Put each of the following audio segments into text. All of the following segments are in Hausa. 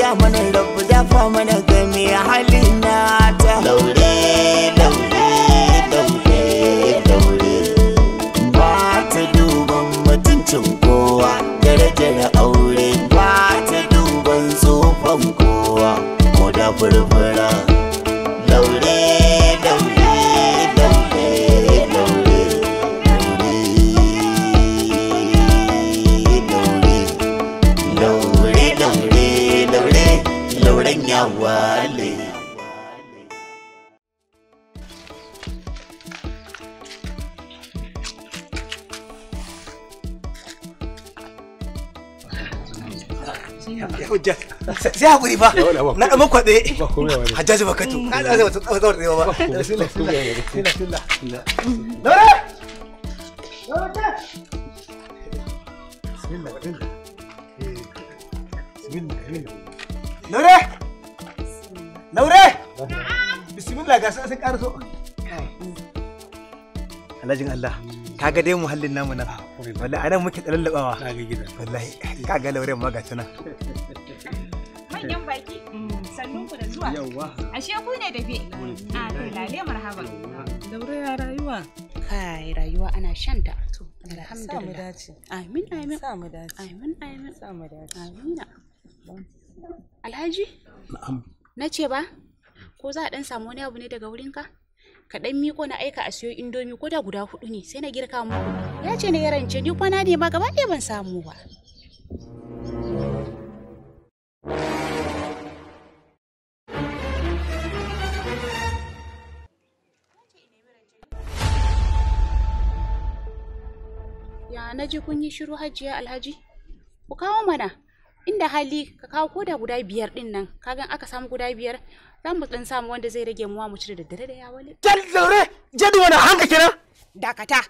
biya mana rabu dafa mana game hali ya haƙuri fa na ɗan makwaɗe hajjaji bakatu ɗan zai wata tsawar da yawa ba bismillah ga sun ƙara so alhajin Allah dai muhallin namu nan ah, wallahi muke tsalallabawa lauren ma manyan baki mm. sannun ku da zuwa ku ne da a ah, to lale marhaba daure ya rayuwa kai rayuwa ana shan ta to alhamdulillah amin amin dace amin amin dace amina alhaji na'am ba ko za a dan samu wani abu ne daga wurinka ka dan miko na aika a siyo indomi ko da guda hudu ne sai na girka mu ya ce ne ya rance ni kwana ne ma gaba ɗaya ban samu ba Thank you. a na ji kun yi shiru hajiya alhaji ku kawo mana inda hali ka kawo koda guda biyar din nan kagan aka samu guda biyar za mu dan samu wanda zai rage muwa mu ci da daddare da yawale dal zaure jadi wani hanka kenan dakata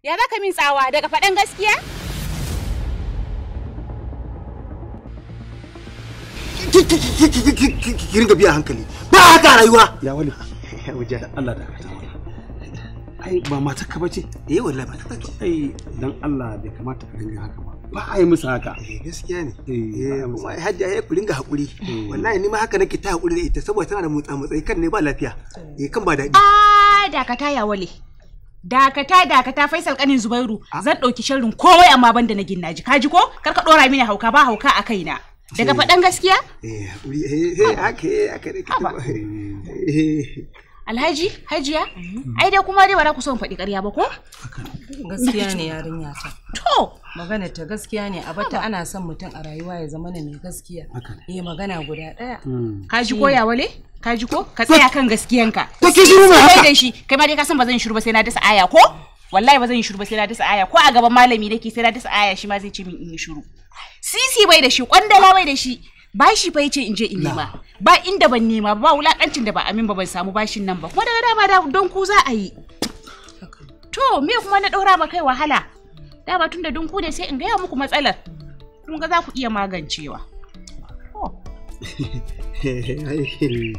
ya zaka min tsawa daga faɗan gaskiya ki ringa biya hankali ba haka rayuwa ya wani ya wuce Allah dakata ai ba matar ka bace eh wallahi ba ta ce ai dan Allah bai kamata ka dinga haka ba ba ai musu haka eh gaskiya ne eh kuma eh, hajji ai ku dinga hakuri eh. wallahi ni ma haka nake ta hakuri da ita saboda tana da mutsa mutsai kan ne ba lafiya eh kan ba daɗi ah dakata ya wale dakata dakata faisal kanin zubairu ah. zan ɗauki sharrin kowai amma ban da na ginnaji kaji ko kar ka dora mini hauka ba hauka a kaina daga eh. faɗan gaskiya eh hakuri eh haka haka ne Alhaji, Hajiya, mhm. ai dai kuma dai ba za ku so in faɗi ƙarya ba ko? Gaskiya ne yarinya ta. To, magana ta gaskiya ne a bata ana son mutum a rayuwa ya zama mai gaskiya. Eh magana guda ɗaya. Mm. Kaji ko ya wale? Ka ko? Ka tsaya kan gaskiyanka. Ka ki shiru ma haka. Kai ma dai ka san ba zan shiru ba sai na dasa aya ko? wallahi ba zan yi shiru ba sai na dasa aya ko a gaban malami nake sai na dasa aya shi ma zai ce min in yi shiru sisi bai da shi kwandala bai da shi bashi fa yace in je in nema ba inda ban nema ba wulakancin da ba amin ba ban samu bashin nan ba kuma daga dama don ku za a yi to me kuma na daura ma kai wahala dama tunda dunku ne sai in gaya muku matsalar kun ga za ku iya magancewa ai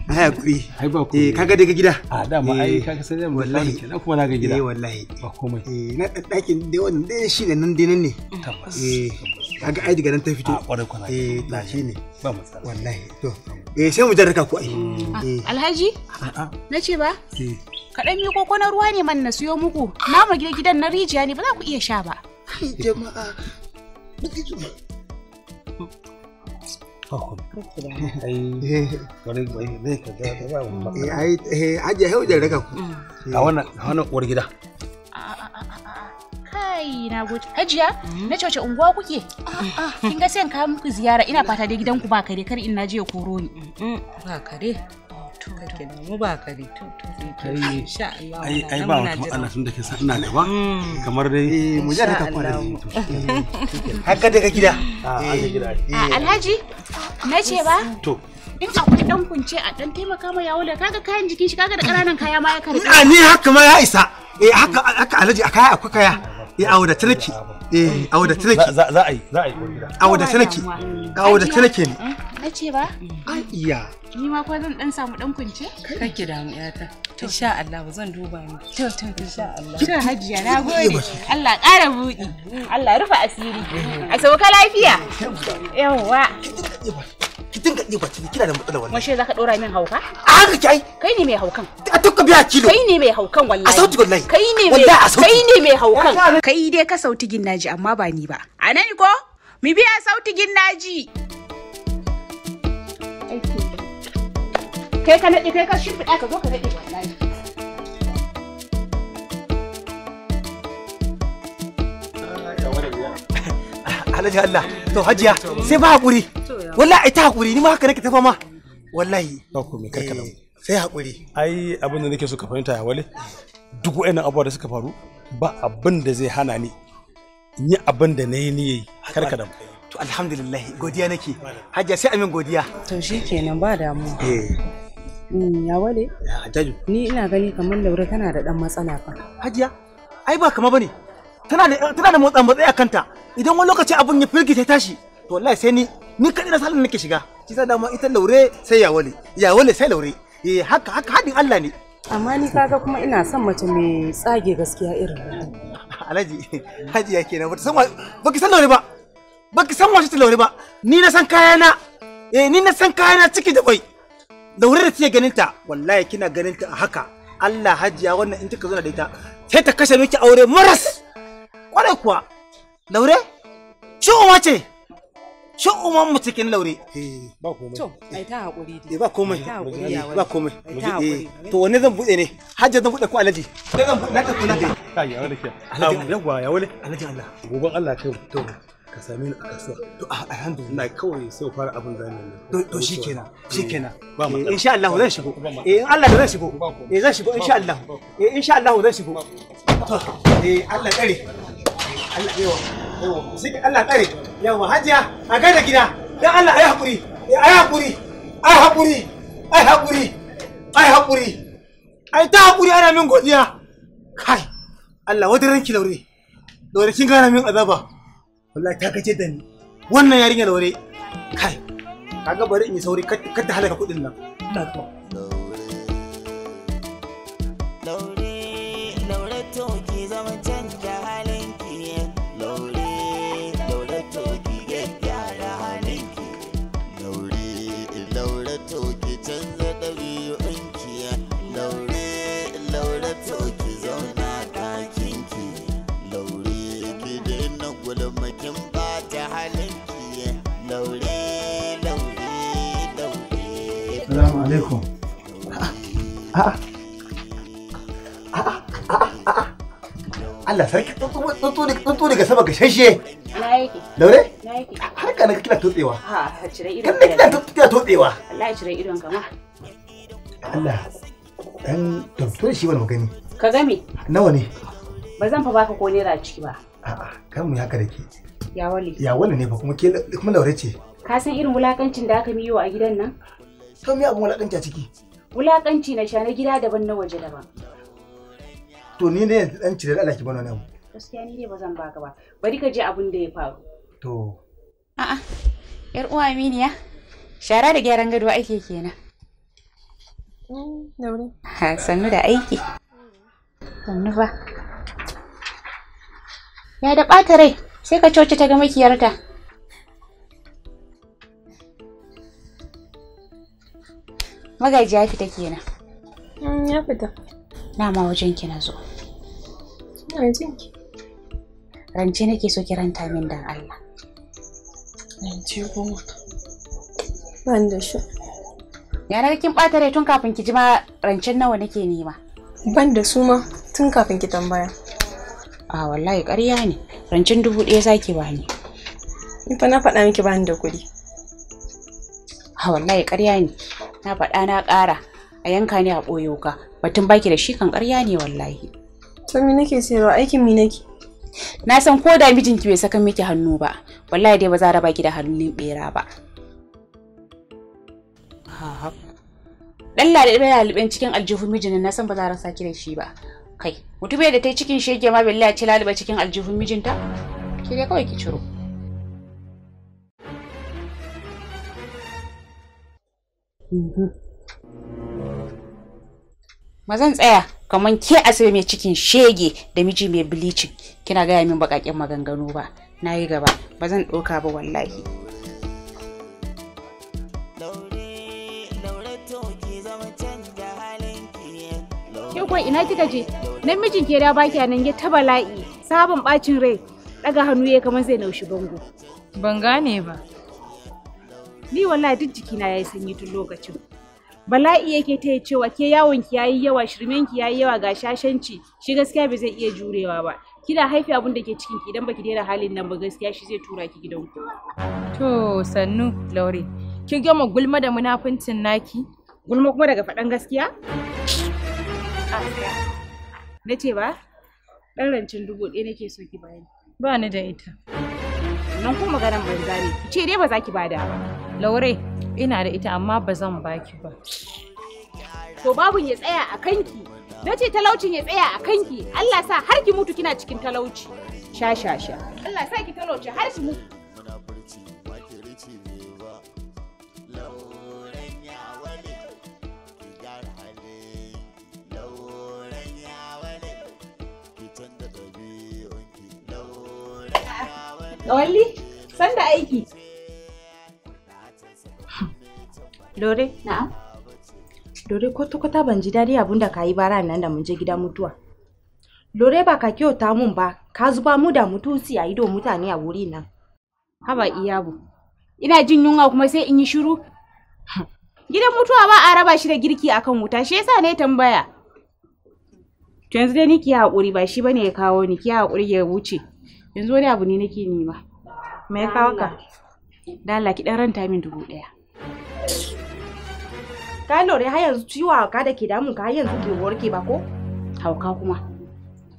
hakuri ai ba daga eh, gida a dama ai eh, k'a sai zan wallahi kenan kuma na ga gida eh wallahi ba komai eh na dakin wannan dai shi nan dai nan ne tabbas eh kaga ai daga nan ta fito a kwarai kwana eh na shi ne ba matsala wallahi to eh sai mu jarraka ku ai mm. eh. ah, alhaji na ce ba kaɗan mi koko na ruwa ne man na siyo muku namu gidan na rijiya ne ba za ku iya sha ba jama'a a eh, eh, mm. wannan uwar gida ah, ah, ah, kai na gode ajiya na coce unguwa kuke kin ga sai in kawo muku ziyara ina fata dai gidanku ba kare kar in naje ya koro ni mm, mm, ba kare kenan mu ba kare to Allah ai ai ba wata matsala tun da ke sa ina gaba mm. kamar dai eh, mu ja da ka kwana har daga gida ah, eh. ah, alhaji na ce ba to in akwai dan kunce a dan taimaka ma yawo da kaga kayan jikin shi kaga da ƙananan kaya ma ya karbi a ah, ni haka ma ya isa eh haka haka alhaji a kaya akwai kaya eh awo da tarki eh awo da tarki za a yi za a yi awo da tarki awo da tarki ne na ce ba? Ai iya. Ni ma fa zan dan samu dan kunce? Kake da mu yata. Insha Allah zan duba mu. To to insha Allah. Kira hajiya na gode. Allah ƙara buɗi. Allah rufa asiri. A sauka lafiya. Yawa. Ki dinga ɗiba ki kira da matsala wannan. Mashe zaka ɗora min hauka? A haka kai. Kai ne mai haukan. A tukka biya kilo. Kai ne mai haukan wallahi. A sauti wallahi. Kai ne mai Kai ne mai haukan. Kai dai ka sauti ginnaji naji amma ba ni ba. A nan ko? Mi biya sauti ginnaji. naji. aiki kai ka naɗe kai ka shimfiɗa ka zo ka wallahi Alhaji Allah to hajiya sai ba hakuri wallahi ai ta hakuri ni ma haka nake tafa ma wallahi ba ku me karkala eh, sai hakuri ai abin da nake so ka fahimta ya wale duk wayannan abubuwa da suka faru ba abin da zai hana ni in yi abin da na yi ni yayi karkada mu to alhamdulillah godiya nake hajja sai amin godiya to kenan ba damuwa eh mm, ya wale ya ni ina gani kamar laura tana da dan matsala fa hajiya ai ba kama bane tana da tana da motsa motsa a kanta idan wani lokaci abun ya firgita tashi to wallahi sai ni ni kadai na salon nake shiga shi sa dama ita laure sai ya wale ya wale sai laure eh haka haka hadin Allah ne amma ni kaga kuma ina son mace mai tsage gaskiya irin Alhaji Hajiya kenan bata ki baki san laure ba baki san ta talaure ba ni na san kayana eh ni na san kayana ciki da kwai laure da take ganin ta wallahi kina ganin ta a haka Allah hajiya wannan in kika zo da ita sai ta kashe miki aure maras kwarai kuwa laure shi uwa ce shi uwan mu cikin laure eh ba komai to ai ta hakuri dai eh, ba komai eh, ba komai eh, to wani zan bude ne hajja zan bude ko alaji sai zan bude ta kula dai kai ya wale yawa ya wale alaji Allah gogon Allah kai to ka same ni a kasuwa to a alhamdulillah na kawai sai fara abin da nan to shikenan shikenan eh, eh, insha Allah zan shigo eh in Allah zan shigo eh zan shigo insha Allah eh insha Allah zan shigo to eh Allah kare Allah yawa yawa sai Allah kare yawa hajiya a ga da gida dan Allah ai hakuri eh, ai hakuri ai hakuri ai hakuri ai hakuri ai ta hakuri ana min godiya kai Allah ki laure laure kin gana min azaba wallahi ta kace da ni wannan yarinyar ware kai kaga bari in yi sauri kar ta halaka kuɗin nan ta Allah sarki tsuntsu daga sama ka shashe. Na yake. Laure? Na yake. Har ka kina totsewa. Ha, cire idon. Kan kina kina totsewa. Wallahi cire idon ka ma. Allah. Dan doktor shi wani magani. Ka gami. Nawa ne? Ba zan fa baka ko naira ciki ba. A'a, kan mu haka da Ya wale. Ya wale ne ba kuma ke kuma laure ce. Ka san irin wulakancin da aka miyo a gidan nan? To me abun wulakanci a ciki? Wulakanci na sha na gida daban na waje daban. to ni ne dan cire Allah ki bana nan gaskiya ni ne ba zan baka ba bari ka je abin da ya faru to a'a yar uwa Aminiya shara da gyaran gado ake kenan mm, Ha, Sannu da aiki. Sannu ba. Ya da ɓata rai sai ka coci ta ga makiyarta. Magaji ya fita kenan. Mm, ya fita. Na ma wajen ki na zo. rancen Rance nake so ki ranta min dan Allah. Rance goma. Ban da shi. na kin ɓata rai tun kafin ki ji ma rancen nawa nake nema. Ban da su ma tun kafin ki tambaya. A wallahi ƙarya ne. Rancen dubu ɗaya zaki bani. Ni fa na faɗa miki bani da kuɗi. A wallahi ƙarya ne. Na faɗa na ƙara. A yanka ne a ɓoyo ka. Batun baki da shi kan ƙarya ne wallahi. To me nake sayarwa aikin me nake? Na san ko da mijinki bai saka miki hannu ba, wallahi dai ba za raba ki da hannun bera ba. Ha Dan lalibe laliben cikin aljihu mijin na san ba za rasa ki da shi ba. Kai, mutube da ta yi cikin shege ma billahi ce laliba cikin aljihun mijinta? Ki dai kawai ki ciro. Mm-hmm. ma zan tsaya kamar ke sai mai cikin shege da miji mai bilicin kina gaya min bakaken maganganu ba na yi gaba ba zan ɗauka ba wallahi ke ina kika je nan mijin ke da baki a nan ya ta bala'i sabon bacin rai daga hannu ya kamar zai naushi bango ban gane ba ni wallahi duk jikina yayi sanyi tun lokacin bala'i yake ta cewa ke yawon ki yayi yawa shirmen ki yayi yawa ga shashanci shi gaskiya bai zai iya jurewa ba kina haifi abin da ke cikin ki idan baki daina halin nan ba gaskiya shi zai tura ki gidan ku to sannu laure kin gama gulma da munafincin naki gulma kuma daga faɗan gaskiya na ce ba ɗan rancin dubu ɗaya nake so ki bayani ba ni da ita nan ko maganar banza ne ki ce dai ba za ki bada ba laure ina da ita amma ba zan baki ba to babun ya tsaya a kanki na ce talaucin ya tsaya a kanki Allah sa har ki mutu kina cikin talauci sha sha sha Allah sa ki talauci har ki mutu Lawalli, sanda aiki. Lore? Na? Lore to kota ban ji daɗi abun da ka yi bara nan da mun je gidan mutuwa. Lore ba ka kyauta mun ba, ka zuba mu da mutunci a ido mutane a wuri nan. Haba bu. Ina jin yunwa kuma sai in yi shiru. Gidan mutuwa ba a raba shi da girki akan wuta, shi yasa ne tambaya. To yanzu dai niki haƙuri ba shi bane ya kawo ni, ki haƙuri ya wuce. Yanzu wani abu ne nake nema. Me ya kawo ka? Da Allah ki dan ranta min dubu ɗaya. Ka lore har yanzu ciwo hauka da ke damun ka har yanzu ke warke ba ko? Hauka kuma.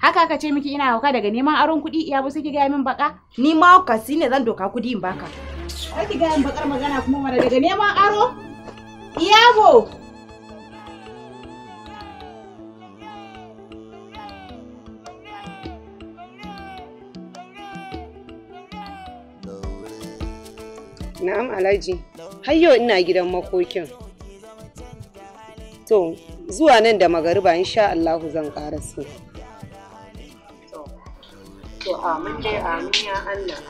Haka ka ce miki ina hauka daga neman aron kuɗi iya bu sai ki gaya min baka? Ni ma hauka si ne zan doka kuɗi in baka. Sai ki gaya min bakar magana kuma daga neman aro? Iyabo! Na'am Alhaji, Har yau ina gidan makokin. To, zuwa nan da magariba insha Allahu zan karasu. To, amin dai amin Allah.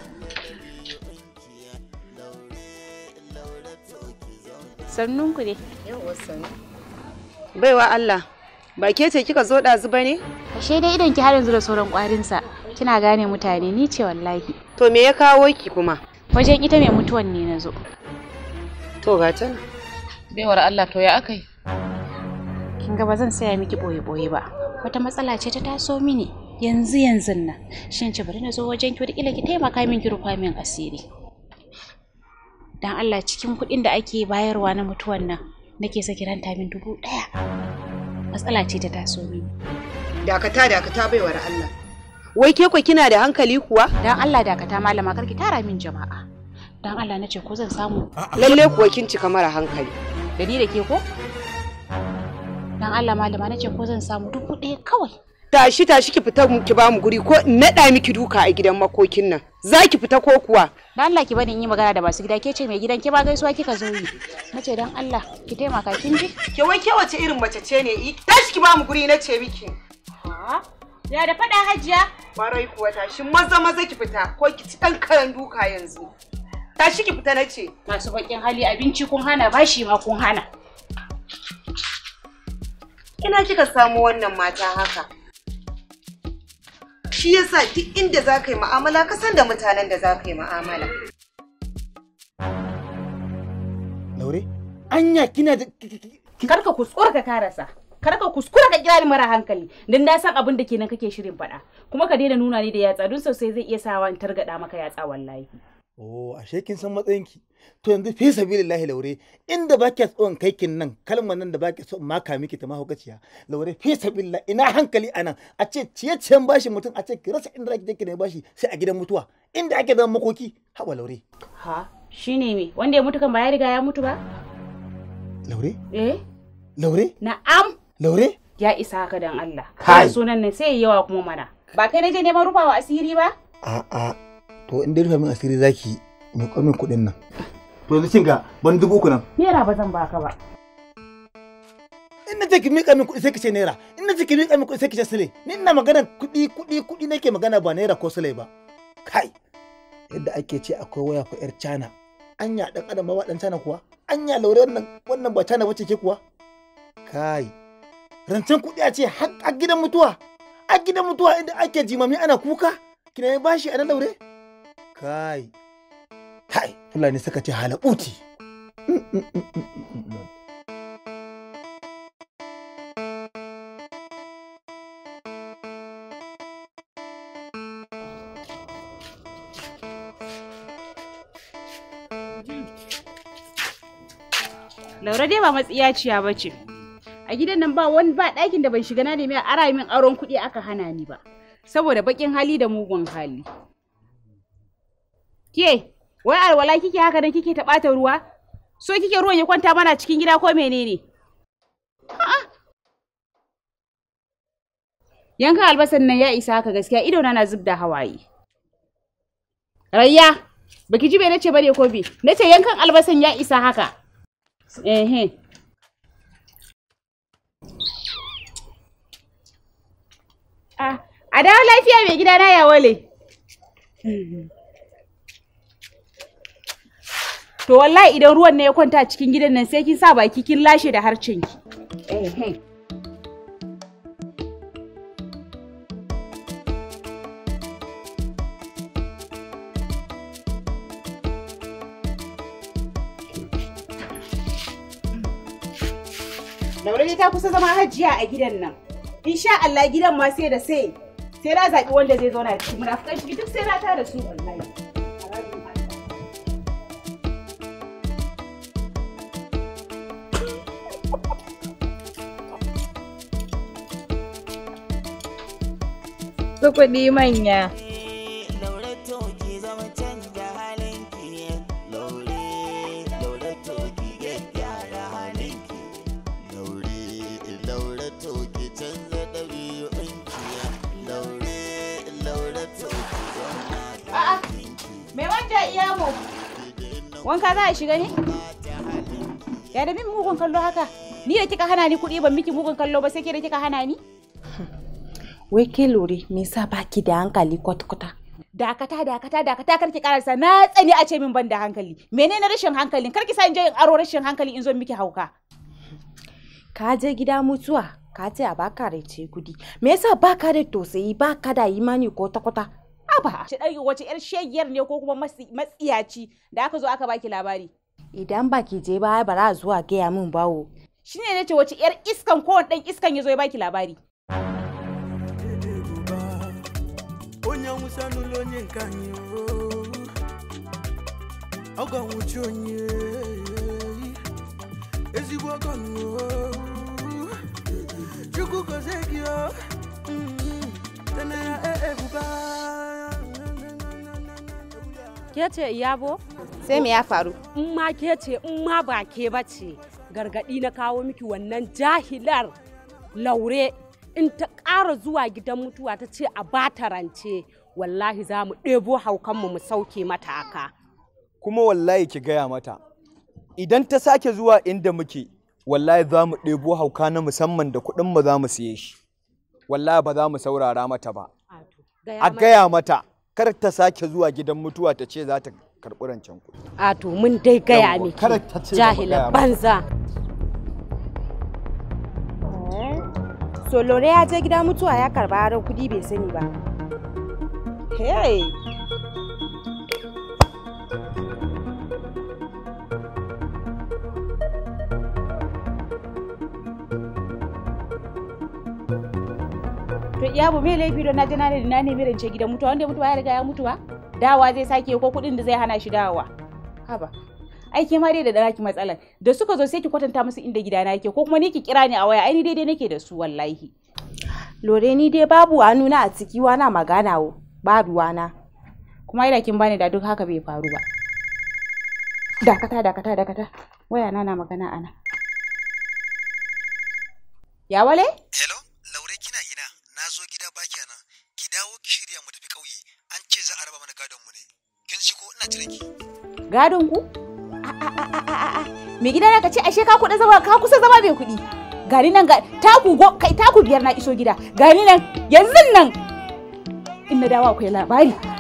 Sannun ku ne. Baiwa Allah, ba ke ce kika zo ɗazu ba ne? Ashe dai idan ki har yanzu da sauran ƙwarinsa, kina gane mutane ni ce wallahi. To me ya kawo ki kuma? wajen ita mai mutuwan ne na zo to ga ta baiwar Allah to ya yi kin ga ba zan saya miki boye-boye ba wata matsala ce ta taso mini yanzu yanzu nan shin ce bari na zo wajen ki wataƙila ki taimaka min ki rufa min asiri dan Allah cikin kuɗin da ake bayarwa na mutuwan nan nake sa ranta min dubu ɗaya matsala ce ta taso mini dakata dakata baiwar Allah Wai ke kina da hankali kuwa? Dan Allah dakata malama kar ki tara min jama'a. Dan Allah nace ko zan samu. Lalle kuwa kin cika mara hankali. Da ni da ke ko? Dan Allah malama nace ko zan samu dubu ɗaya kawai. Tashi tashi ki fita ki ba mu guri ko in naɗa miki duka a gidan makokin nan. Za ki fita ko kuwa? Dan Allah ki bani yi magana da masu gida ke ce mai gidan ke ba gaisuwa kika zo yi. Nace dan Allah ki taimaka kin ji? Ke wai ke wace irin mace ce ne? Tashi ki ba mu guri nace miki. Ha? Ya da faɗa hajiya? barai kuwa tashi maza maza ki fita ko ki ci ɗan duka yanzu. Tashi ki fita na ce. Masu baƙin hali abinci kun hana bashi ma kun hana. Ina kika samu wannan mata haka? Shi yasa duk inda za ka yi ma'amala ka san da mutanen da za ka yi ma'amala. Laure, anya kina da... Karka ku ka karasa. kar ka kuskura ka kira ni mara hankali dan na san abin da kenan kake shirin faɗa kuma ka daina nuna ni da yatsa dun sosai zai iya sawa in targada maka yatsa wallahi oh ashe kin san matsayinki to yanzu fi sabilillahi laure inda ba kya kai kaikin nan kalmar nan da ba ke so maka miki ta mahaukaciya laure fi sabilillahi ina hankali anan a ce ciye-ciyen bashi mutum a ce ki rasa inda kike ki ne bashi sai a gidan mutuwa inda ake zama makoki hawa laure ha shine me wanda ya mutu kan ba ya riga ya mutu ba laure eh laure na'am Laure? Ya isa haka dan Allah. Kai. Sunan nan sai yawa kuma mana. Ba kai naje neman wa asiri ba? A'a. To in dai rufa min asiri zaki mai kwamin kuɗin nan. To yanzu kin ga ban dubu uku nan. Naira ba zan baka ba. in na ki miƙa min kuɗi sai kace naira in na ki miƙa min kuɗi sai kace sile ni ina magana kuɗi kuɗi kudi nake magana ba naira ko sile ba kai yadda ake ce akwai waya ko yar cana anya dan adam ba dan cana kuwa anya laure wannan wannan ba cana bace ke kuwa kai rancen kuɗi a ce har gidan mutuwa a gidan mutuwa inda ake jimami ana kuka kina ya bashi a daure kai hai fulani suka ce halabuti Laura dai ba matsiyaciya ba ce, a gidan nan ba wani ba ɗakin da ban shiga na nemi a ara min auren kuɗi aka hana ni ba saboda baƙin hali da mugun hali ke wai alwala kike haka nan kike ta ɓata ruwa so kike ruwan ya kwanta mana cikin gida ko menene yankan albasan nan ya isa haka gaskiya Ido na zub da hawaye rayya baki ji bai nace bane ko bi nace yankan albasan ya isa haka ehe A dawo lafiya mai gida na ya wale. To wallahi idan ruwan ne ya kwanta cikin gidan nan sai kin sa baki kin lashe da harcen ki. Eh ta kusa zama hajiya a gidan nan. sha Allah gidan ma sai da sai sai na zaɓi wanda zai zauna ciki munafukan ciki duk sai na tara su wallahi Su manya. wanka za a shiga ne ya da min mugun kallo haka ni da kika hana ni kuɗi ban miki mugun kallo ba sai ke da kika hana ni wai ke lori me yasa baki da hankali kwata-kwata dakata dakata dakata karki karasa na tsani a ce min ban da hankali menene rashin hankali? karki sa in je in aro rashin hankali in zo miki hauka ka je gida mutuwa ka ce a baka da ce kudi me yasa baka da tausayi baka da imani kwata-kwata aba ce dai wace yar shegiyar ne ko kuma matsiyaci da aka zo aka baki labari idan baki je ba ba za zuwa gaya min bawo shine ce wace yar iskan ko dan iskan yazo ya baki labari onye awụsa Ke ce bo? Sai me ya faru? In ma ke ce in ma ba ke ba ce gargaɗi na kawo miki wannan jahilar laure in ta ƙara zuwa gidan mutuwa ta ce a ta rance wallahi za mu ɗebo haukanmu mu sauke mata aka. Kuma wallahi ki gaya mata idan ta sake zuwa inda muke wallahi za mu ɗebo hauka na musamman da kuɗin mu za mu siye shi wallahi ba za mu saurara mata ba. A gaya mata. kar ta sake zuwa gidan mutuwa ta ce za ta karɓi rancen kuɗi. A to mun dai gaya miki jahila banza. so Lore ya je gida mutuwa ya karɓa aron kuɗi bai sani ba. Hey! ya bu mai laifi don na je na ne na nemi rance gidan mutuwa wanda ya mutuwa ya riga ya mutuwa dawa zai sake ko kuɗin da zai hana shi dawowa haba ai ke ma dai da dana ki matsalar da suka zo sai ki kwatanta musu inda gidana yake ko kuma ni ki kira ni a waya ai ni daidai nake da su wallahi lore ni dai babu a nuna a ciki wana magana wo ba ruwana kuma ina kin bani da duk haka bai faru ba dakata dakata dakata waya na na magana ana ya wale hello ina jirki. Gadon ku? Mai gida ka ce ashe ka kuɗa zama ka kusa zama mai kuɗi. Gani nan ga taku go kai taku biyar na iso gida. Gani nan yanzu nan. In na dawo akwai labari.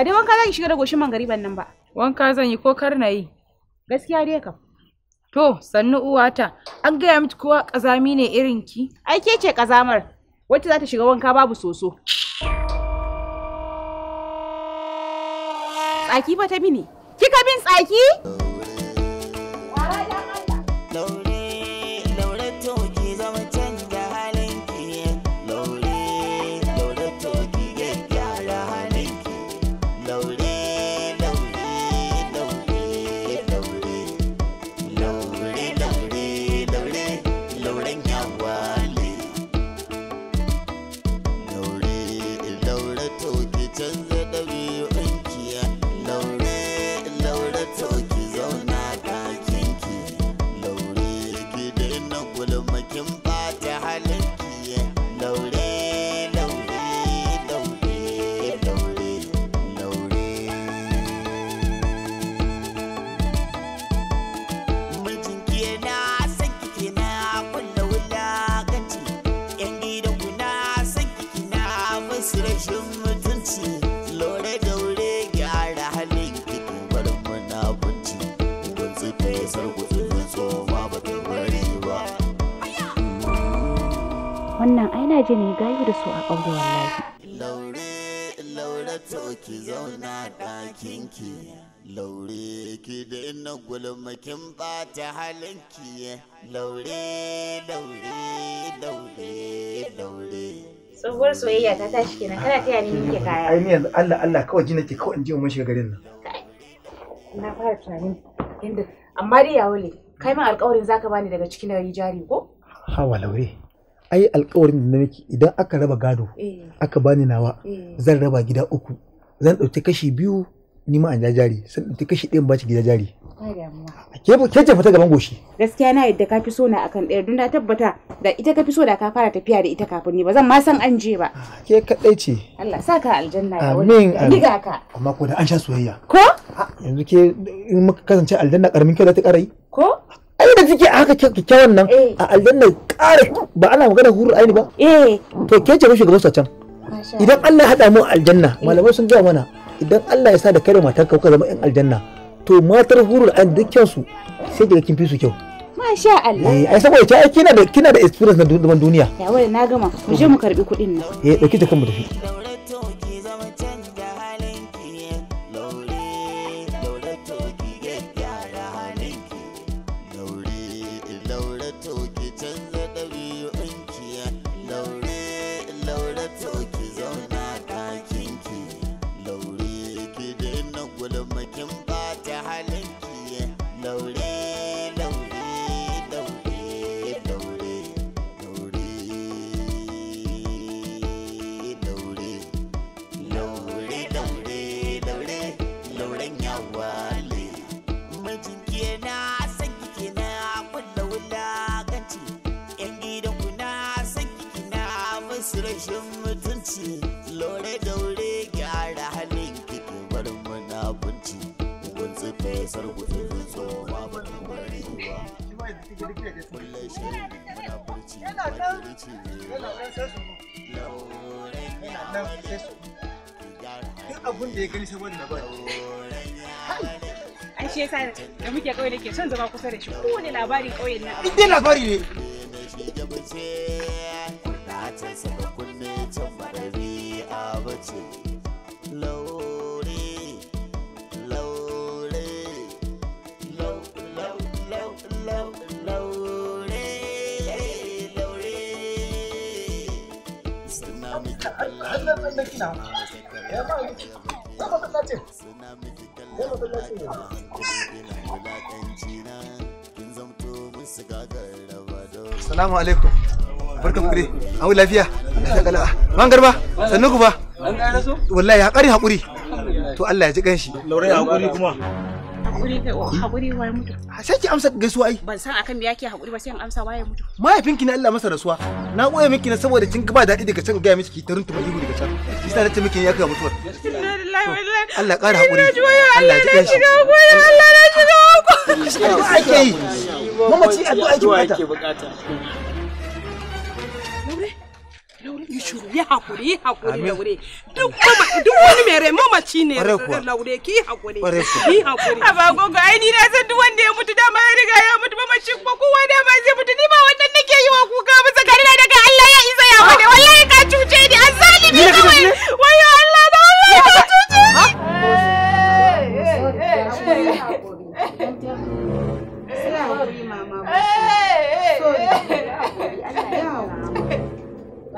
Ba dai wanka zaki shiga da goshin mangariban nan ba. Wanka zan yi ko kar na yi. Gaskiya dai kam. To, sannu uwata, an gaya miki kowa kazami ne irin ki? Ai ke ce ƙazamar, wacce za ta shiga wanka babu soso. Tsaki ba ta bi ne. Kika bin tsaki? ta halinki daure daure daure daure tsohuwar soyayya ta tashi kenan kana taya ni miki kaya ai ni yanzu Allah Allah kawai ji nake kawai in ji mun shiga garin nan na fara tunanin yanda amma dai ya wale kai ma alƙawarin zaka bani daga cikin nauyi jari ko hawa laure ai alƙawarin da miki idan aka raba gado eh. aka bani nawa eh. zan raba gida uku zan ɗauki kashi biyu ni ma an jari sun ɗauki kashi ɗayan ci gida jari ke ce fita gaban goshi gaskiya na yadda ka fi so na akan ɗaya don na tabbata da ita ka fi so da ka fara tafiya da ita kafin ni ba zan ma san an je ba ah, ke kadai ce Allah sa ka aljanna ya wani diga ka amma ko da an sha soyayya ko ah, yanzu ke in muka kasance aljanna karamin kyau za ta karai ko ai da kike haka kyakkyawan nan eh. a aljanna kare ba ana magana hurur aini ba eh to ke ce mishi gaban can idan Allah ya hada mu aljanna malamai sun ga mana idan Allah ya sa da kare matanka kuka zama yan aljanna to matar hurul an su sai daga kin fi su kyau Masha Allah. Eh, ai saboda kai kina da kina da experience na duniya. Ya wai na gama. Mu je mu karbi kuɗin nan. Eh, dauki ta kan mu tafi. sarkuɗin tsoho babu tambari uba kullai shari ana barci bakiri ci laure ya wale duk abin da ya gani sai wannan ba an shi yasa da muke kawai ke son zama kusa da shi kowane labari kauyen na in dai labari ne Salamu alaikum. Barkan kure dai. Awu lafiya. Lafiya Man garba. Sannu ku ba. An ga Wallahi hakuri hakuri. To Allah ya ji ganshi. laurai hakuri kuma. Hakuri kai wa hakuri waye mutu. Ah, sai ki amsa gaisuwa ai. Ban san akan me yake hakuri ba sai an amsa waye mutu. Mahaifinki na Allah masa rasuwa. Na koya miki na saboda kin ga ba daɗi daga can ga miki ki ta runtu ihu daga can. Shi sa nace miki ya kai mutuwar. Allah ƙara hakuri. Allah ya ji shi. Allah ya shiga hakuri. Ake yi. Mamaci addu'a ake bukata. yi shuru yi hakuri yi hakuri laure duk wani mai rai mamaci ne laure ki yi hakuri yi hakuri a ba gogo ai ni na san duk wanda ya mutu dama ya riga ya mutu mamaci ba kowa ma zai mutu ni ba wannan nake yi wa kuka ba tsakanin daga Allah ya isa ya wani wallahi ka cuce ni azalimi kawai wallahi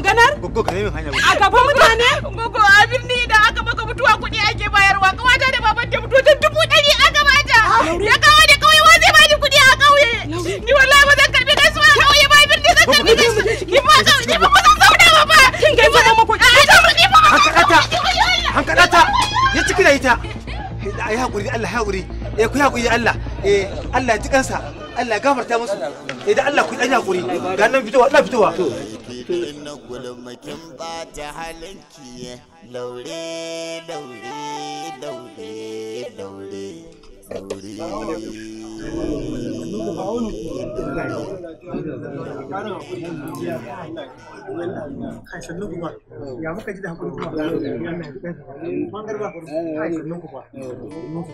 maganar? Gogo ka min hanya. A gaban mutane? Gogo a birni da aka baka mutuwa kuɗi ake bayarwa. Kawata da baban ta mutuwa ta dubu ɗari aka bata. Ah, ya kawo da ƙauye wa zai bani kuɗi a kauye. Ni wallahi ba zan karɓi gaisuwa a kauye ba birni zan karɓi gaisuwa. Ni ba zan ni ba zan zauna ba ba. Kin ga zan mako. A da ni ba. Hankaɗata. Hankaɗata. Ya ciki da ita. Ai haƙuri Allah haƙuri. Eh ku haƙuri Allah. Eh Allah ya ji kansa. Allah ya gafarta musu. Idan eh, Allah ku ɗan haƙuri. Ga nan fitowa Allah fitowa. gulmakin bata halinki daure daure daure daure ya laure laure da hakuri kuma ya muka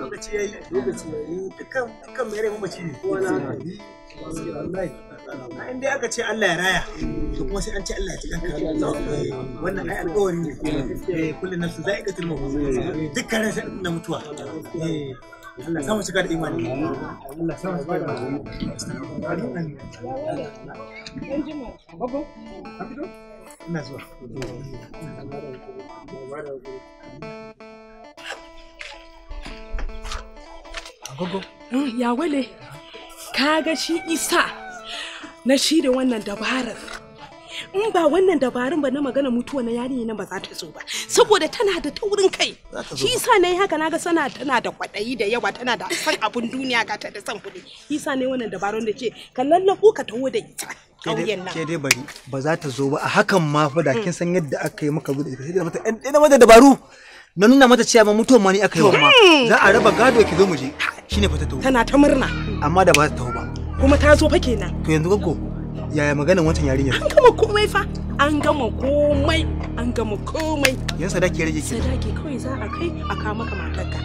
lokaci ya yi lokaci ya yi dukkan dukkan mai rai mamaci ne wallahi in dai aka ce Allah ya raya to kuma sai an ce Allah ya ji kanka wannan ai alƙawari ne eh, kullum nafsu za'iqatul maut dukkan rai na mutuwa eh Allah samu shiga da imani. Allah samu shiga da imani. Ina zuwa. agogo mm, ya wale kaga shi isa na shi da wannan dabarar in ba wannan dabarun ba na magana mutuwa na yari nan ba za ta zo ba saboda tana da taurin kai shi isa ne haka naga sana tana da kwadayi da yawa tana da san abun duniya ga ta da san kudi isa ne wannan dabarun da ke ka lallafo ka taho da ita ke dai bari ba za ta zo ba a hakan ma fa da mm. kin san yadda aka yi maka gudu sai da mata ɗan mata dabaru na nuna mata cewa mutuwa ma ni aka yi wa ma mm. za a raba gado ki zo mu je shine ba ta taho tana ta murna amma da ba ta taho ba kuma ta zo fa kenan to yanzu gaggo yaya maganan wancan yarinyar an gama komai fa an gama komai an gama komai yan sadaki rage ki sadaki kawai za a kai a kawo maka matarka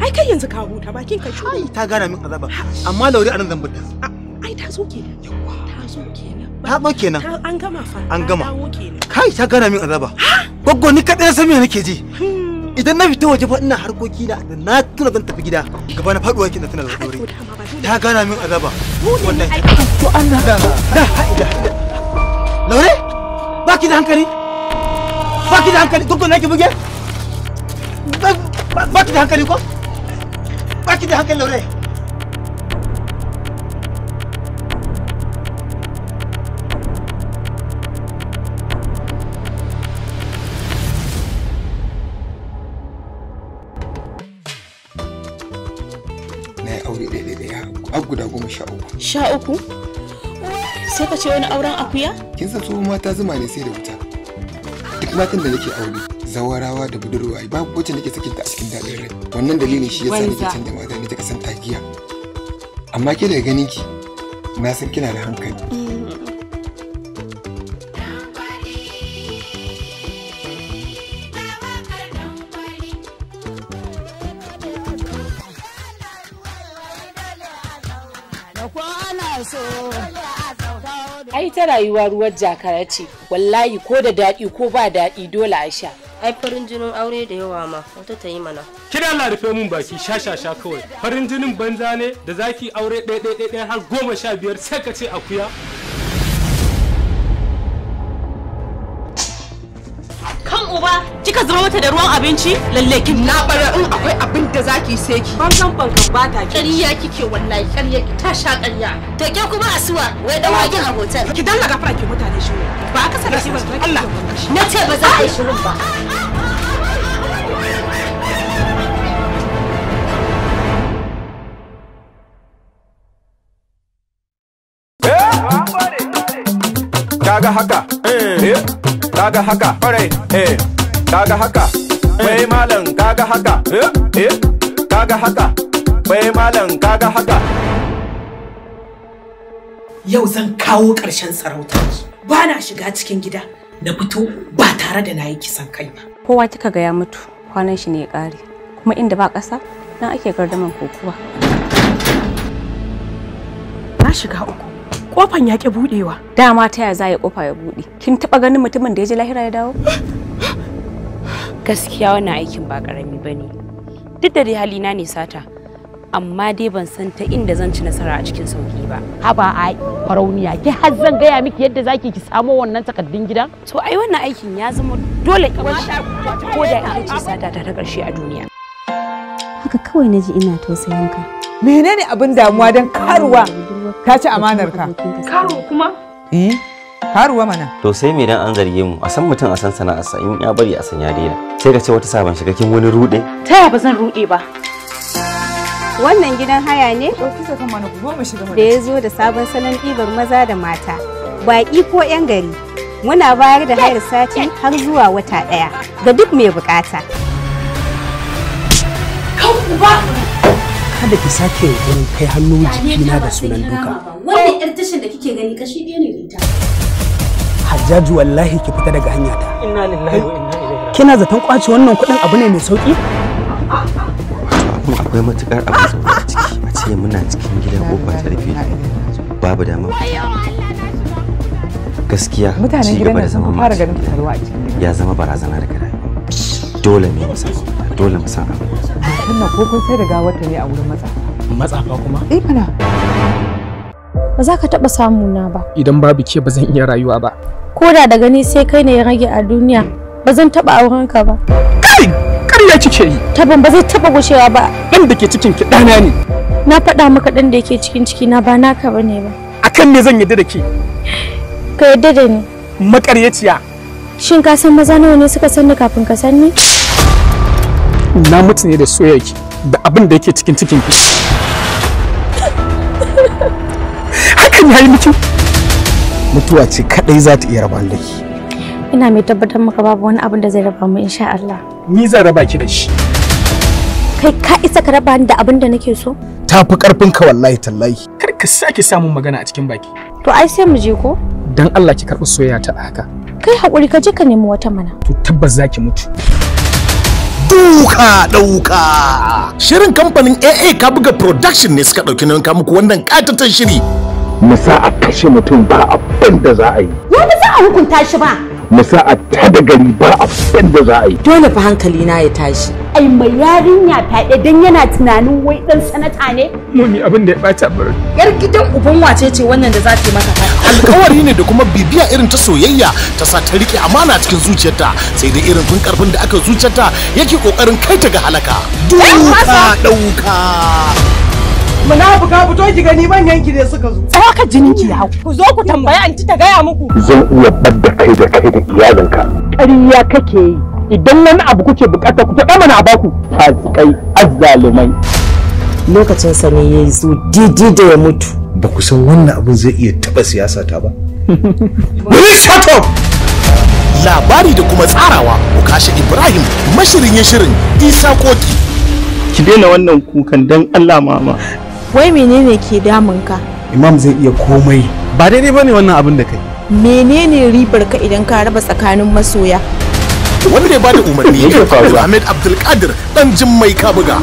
ai kai yanzu ka huta bakin ka shi ta gana min azaba amma lauri anan zan bidda ai ta zo kenan ta zo kenan ta zo kenan an gama fa an gama kai ta gana min azaba gogo ni kadai san me nake ji hmm. idan na fita waje fa ina harkoki na da na tuna zan tafi gida gaba na faduwa kin da tuna da dore ta gana min azaba wallahi to Allah da da haida lore baki da hankali baki da hankali dukkan nake buge baki da hankali ko baki da hankali lore sha uku sai ka ce wani auren akuya kin san tsohon mata zuma ne sai da wuta duk matan da nake aure zawarawa da budurwa babu wacce nake sakin a cikin daɗin rai wannan dalilin shi yasa nake canza mata ne ta kasan tagiya amma ke da ganin ki na san kina da hankali mm. ai ta rayuwa ruwan jakara ce wallahi ko da daɗi ko ba daɗi dole a sha ai farin jinin aure da yawa ma wata ta yi mana kina na rufe mun baki sha sha sha kawai farin jinin banza ne da zaki aure ɗaya ɗaya ɗaya har goma sha biyar sai ka ce akuya kan uba kika zama mata da ruwan abinci lalle kin na bara in akwai abin da zaki sai ki ban san ban kan bata ki kike wallahi ƙarya ki ta sha kariya to ke kuma asuwa wai dan wajin a hotel ki dan laga fara ki mutane shi ba aka saka shi ba Allah na ce ba za a yi shirin ba eh, Kaga haka, eh. eh, kaga haka, alright, eh. kaga haka wai malam kaga haka eh, eh kaga haka wai malam kaga haka yau zan kawo ƙarshen sarauta ba na shiga cikin gida na fito ba tare da nayi kisan kai ba kowa kika ga ya mutu kwanan shi ne ya ƙare kuma inda ba ƙasa nan ake gardaman kokuwa na shiga uku kofan ya budewa dama ta ya za ya kofa ya bude kin taba ganin mutumin da ya ji lahira ya dawo gaskiya wannan aikin ba karami ba ne duk da dai halina ne sata amma dai ban san ta inda zan ci nasara a cikin sauki ba haba ai farauniya ki har zan gaya miki yadda zaki ki samo wannan takardun gidan to ai wannan aikin ya zama dole ki ko da ita ce sata ta ta karshe a duniya haka kawai naji ina tausayin ka menene abin damuwa don karuwa ka ci amanar ka karuwa kuma eh Karuwa mana to sai me dan an zarge mu a san mutum a san sana'arsa in ya bari a san ya daina sai ka ce wata sabon shiga kin wani rude ta ba zan rude ba wannan gidan haya ne da ya zo da sabon salon ɗibar maza da mata baƙi ko 'yan gari muna bayar da hayar sati har zuwa wata ɗaya ga duk mai bukata kada ki sake wurin kai hannu jikina da sunan duka wannan 'yar tashin da kike gani kashi ɗaya ne da ita hajjaju wallahi ki fita daga ta. Inna lillahi wa inna ilaihi raji'un. Kina zaton kwace wannan kuɗin abu ne mai sauki? akwai matukar abu a ciki. A ce muna cikin gida kofa ta rufe. Babu dama. Gaskiya ci gaba da zama fara ganin fitarwa a cikin gida. Ya zama barazana daga rayuwa. Dole ne mu san dole mu san abu. Wannan ko kun sai da ta ne a wurin matsafa. Matsafa kuma? Eh mana. ba za ka taɓa samu na ba. Idan babu ke ba zan iya rayuwa ba. Ko da daga ni sai kai ne ya rage a duniya ba zan taɓa auren ka ba. Kai! Ƙarya kike yi. Tabin ba zai taɓa gushewa ba. Ɗan da ke cikin ki ɗana ne. Na faɗa maka ɗan da yake cikin ciki na ba naka ba ne ba. Akan me zan yadda da ke? Ka yadda da ni. Maƙaryaciya. Shin ka san maza nawa ne suka san ni kafin ka san ni? Na mutu ne da soyayya da abin da yake cikin cikin ki. hakan yayi mutum mutuwa ce kadai za ta iya raba da ina mai tabbatar maka babu wani abin da zai raba mu insha Allah ni zan raba ki da shi kai ka isa ka raba ni da abin da nake so ta fi karfin ka wallahi tallahi kar ka sake samun magana a cikin baki to ai sai mu je ko dan Allah ki karɓi soyayya ta haka kai hakuri ka je ka nemi wata mana to tabbas zaki mutu duka dauka shirin kamfanin AA Kabuga Production ne suka ɗauki nan ka muku wannan katatan shiri mu sa a kashe mutum ba abin da za a yi ya ba za a hukunta shi ba mu a tada gari ba abin da za a yi dole fa hankali na ya tashi ai mai yarinya fyaɗe dan yana tunanin wai dan sanata ne mumi abin da ya bata bar yar gidan uban wace ce wannan da za ta maka alƙawari ne da kuma bibiya irin ta soyayya ta sa ta rike amana cikin zuciyarta sai dai irin tun karfin da aka zuciyarta yake kokarin kai ta ga halaka duka dauka Munafuka fito ki gani manyan ki ne suka zo. ka jinin ki hau. Ku zo ku tambaya anti ta gaya muku. Zan iya badda kai da kai da iyalinka. Ƙarya kake yi. Idan wani abu kuke bukata ku faɗa mana a baku. Fasikai azzalumai. Lokacin sa ya zo didi da ya mutu. Ba ku san wannan abin zai iya taɓa siyasa ta ba. Will Labari da kuma tsarawa, Ukasha Ibrahim, mashirin shirin Isa Koti. Ki daina wannan kukan don Allah mama. wai menene ke damun ka imam zai iya komai ba daidai bane wannan abin da kai menene ribar ka idan ka raba tsakanin masoya wanda ya bada umarni ya faru Ahmed Abdulkadir dan jin mai kabuga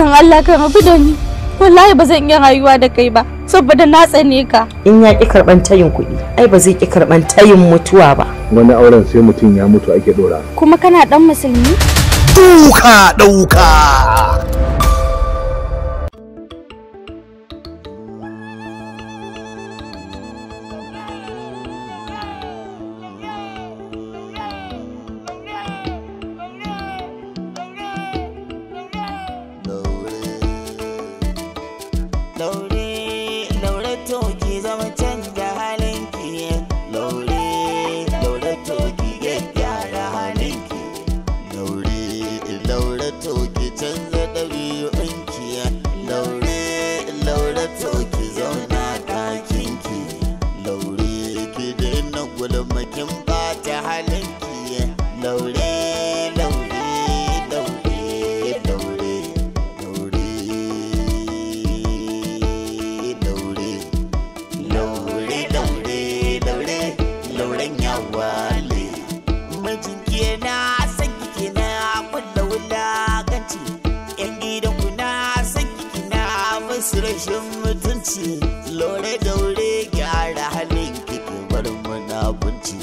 dan Allah ka rabu da ni wallahi ba zan iya rayuwa da kai ba saboda na tsane ka in ya ki karban tayin kuɗi ai ba zai ki karban tayin mutuwa ba wani auren sai mutum ya mutu ake dora kuma kana dan musulmi duka dauka rashin mutunci lore wuri gyara halin kike bar mana bunci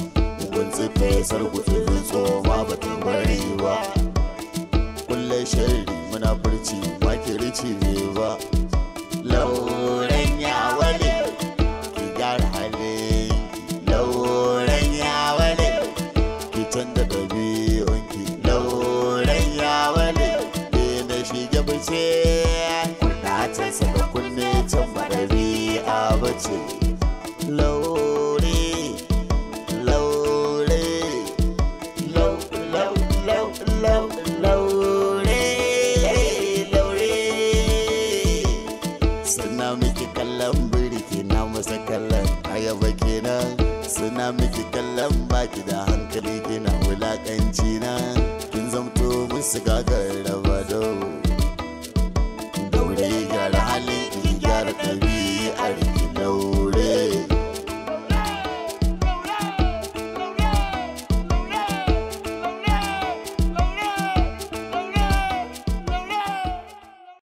kun tsufe sarkuce tsoma ba ta bari ba kullum sharri muna furci ma ki rici ne ba na miki kallon baki da hankali kina wulakanci na kin zamto mun sigagar